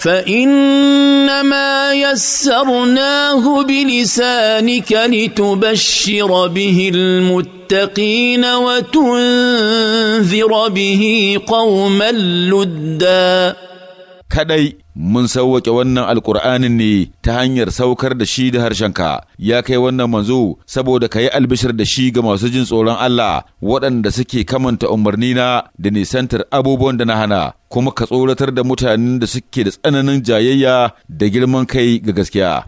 فانما يسرناه بلسانك لتبشر به المتقين وتنذر به قوما لُدًّا kadai mun sauwake wannan alkur'anin ne ta hanyar saukar da shi da harshenka ya kai wannan manzo saboda ka yi albishir da shi ga masu jin tsoron Allah waɗanda suke kamanta umarnina da nisantar abubuwan da na hana kuma ka tsoratar da mutanen da suke da tsananin jayayya da girman kai ga gaskiya